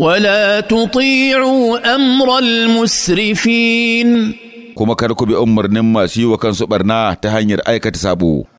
ولا تطيعوا أمر المسرفين كما كركب بامر نما سيوكا سبرنا تهنير أيكة سابو